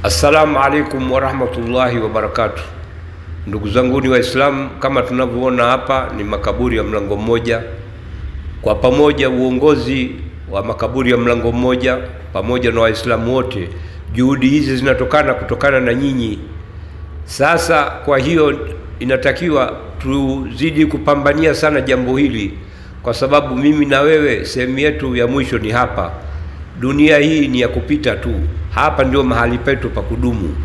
Assalamu alaikum warahmatullahi wabarakatuh, ndugu zanguni Waislamu, kama tunavyoona hapa ni makaburi ya mlango mmoja. Kwa pamoja uongozi wa makaburi ya mlango mmoja pamoja na Waislamu wote, juhudi hizi zinatokana kutokana na nyinyi. Sasa kwa hiyo inatakiwa tuzidi kupambania sana jambo hili, kwa sababu mimi na wewe sehemu yetu ya mwisho ni hapa. Dunia hii ni ya kupita tu hapa ndio mahali petu pa kudumu.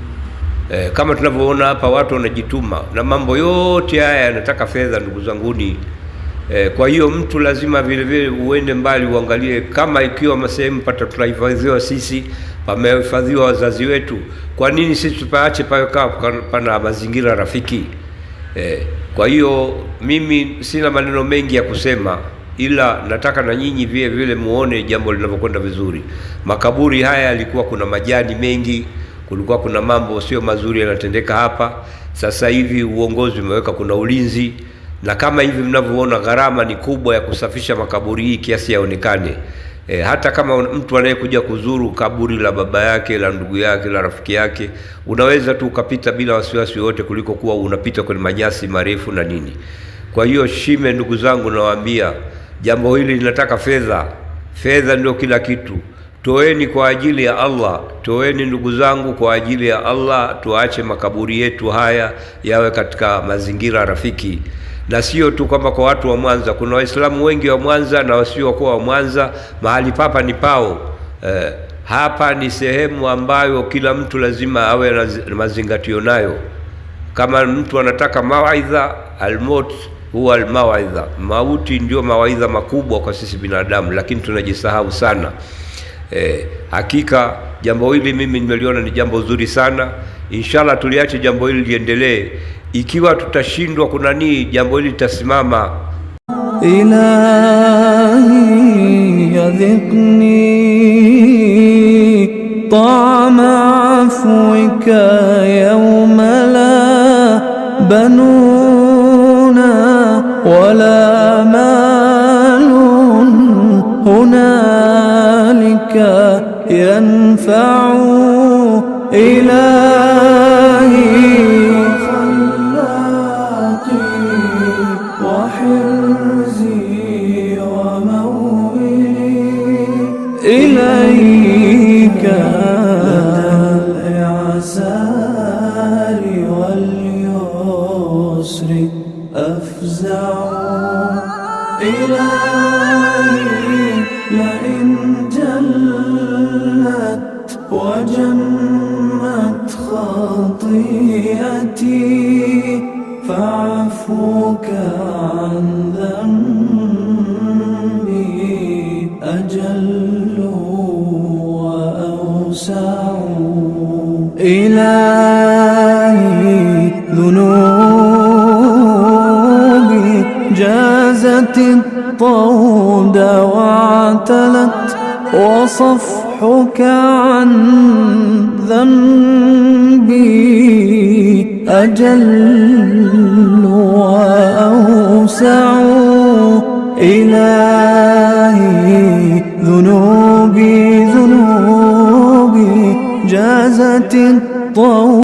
E, kama tunavyoona hapa watu wanajituma na mambo yote haya yanataka fedha, ndugu zanguni. E, kwa hiyo mtu lazima vile vile uende mbali uangalie, kama ikiwa masehemu pata tunahifadhiwa sisi, pamehifadhiwa wazazi wetu, kwa nini sisi tupaache pawekaa pana mazingira rafiki? E, kwa hiyo mimi sina maneno mengi ya kusema ila nataka na nyinyi vile vile muone jambo linavyokwenda vizuri. Makaburi haya yalikuwa kuna majani mengi, kulikuwa kuna mambo sio mazuri yanatendeka hapa. Sasa hivi uongozi umeweka kuna ulinzi, na kama hivi mnavyoona, gharama ni kubwa ya kusafisha makaburi hii kiasi yaonekane. E, hata kama mtu anayekuja kuzuru kaburi la baba yake la ndugu yake la rafiki yake unaweza tu ukapita bila wasiwasi wote, kuliko kuwa unapita kwenye manyasi marefu na nini. Kwa hiyo shime, ndugu zangu, nawaambia Jambo hili linataka fedha. Fedha ndio kila kitu. Toeni kwa ajili ya Allah, toeni ndugu zangu, kwa ajili ya Allah. Tuache makaburi yetu haya yawe katika mazingira rafiki, na sio tu kwamba kwa watu wa Mwanza. Kuna Waislamu wengi wa Mwanza na wasiokuwa wa Mwanza, mahali papa ni pao. Eh, hapa ni sehemu ambayo kila mtu lazima awe na mazingatio nayo. Kama mtu anataka mawaidha almot huwa almawaidha. Mauti ndio mawaidha makubwa kwa sisi binadamu, lakini tunajisahau sana. E, hakika jambo hili mimi nimeliona ni jambo zuri sana. Inshallah tuliache jambo hili liendelee. Ikiwa tutashindwa kunanii, jambo hili litasimama. Ilahi yadhikni tama afuika yauma la banu ولا مال هنالك ينفع إله أفزع إلهي لئن جلت وجمت خطيئتي فعفوك عن ذنبي أجل وأوسع الطود وعتلت وصفحك عن ذنبي أجل وأوسع إلهي ذنوبي ذنوبي جازت الطود